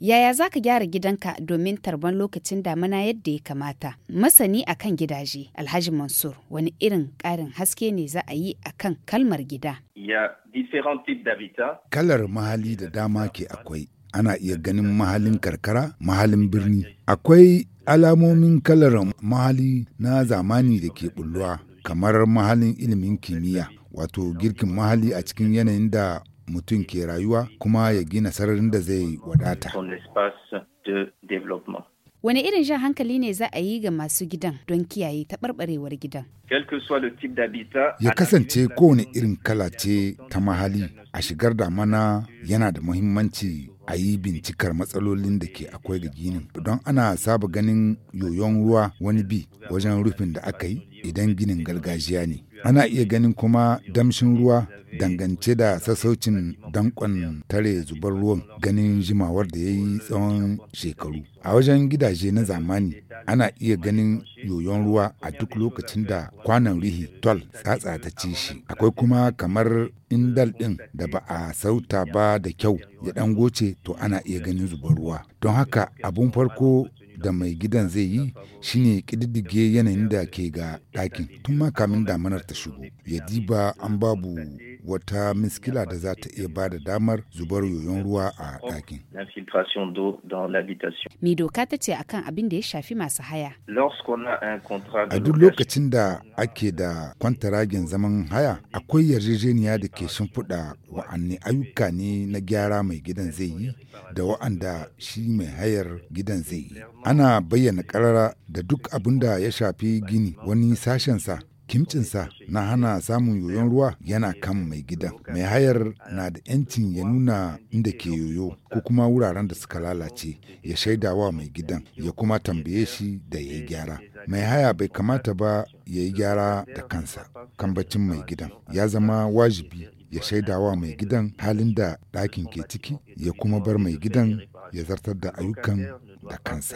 Yaya za ka gyara gidanka domin tarban lokacin damina yadda ya kamata? Masani a kan gidaje, Alhaji Mansur, wani irin ƙarin haske ne za a yi a kan kalmar gida? Kalar mahali da dama ke akwai. Ana iya ganin mahalin karkara, mahalin birni. Akwai alamomin kalar mahali na zamani da ke bulluwa, kamar mahalin ilimin kimiyya, wato girkin mahali a cikin yanayin da mutum ke rayuwa kuma ya gina sararin da zai wadata. Wane irin shan hankali ne za a yi ga masu gidan don kiyaye taɓarɓarewar gidan? Ya kasance kowane irin kala ce ta mahali a shigar da mana yana da muhimmanci a yi bincikar matsalolin da ke akwai ga ginin don ana saba ganin yoyon ruwa wani bi wajen rufin da aka yi idan ginin gargajiya ne. Ana iya ganin kuma damshin ruwa dangance da sassaucin dankon tare zubar ruwan ganin jimawar da ya yi tsawon shekaru. A wajen gidaje na zamani ana iya ganin yoyon ruwa a duk lokacin da kwanan rihi tol tsatsa ta ci shi. Akwai kuma kamar indal ɗin da ba a sauta ba da kyau ya ɗan goce to ana iya ganin zubar ruwa. Don haka abun farko da mai gidan zai yi shine ƙididdige yanayin da ke ga ɗakin tun ma kamin damanar ta shigo ya diba an babu wata miskila da za ta iya ba da damar zubar yoyon ruwa a ɗakin. Me doka ta ce akan abin da ya shafi masu haya? A duk lokacin da ake da kwantaragen zaman haya, akwai yarjejeniya da ke shimfiɗa wa'anni ayyuka ne na gyara mai gidan zai yi da wa'anda shi mai hayar gidan zai yi. Ana bayyana ƙarara da duk abin da ya shafi gini wani sashensa kimcinsa na hana samun yoyon ruwa yana kan mai gidan mai hayar na da yancin ya nuna inda ke yoyo ko kuma wuraren da suka lalace ya shaida wa mai gidan ya kuma tambaye shi da ya yi gyara mai haya bai kamata ba ya yi gyara da kansa kambacin mai gidan ya zama wajibi ya shaida wa mai gidan halin da ɗakin ke ciki ya kuma bar mai gidan ya zartar da ayyukan da kansa.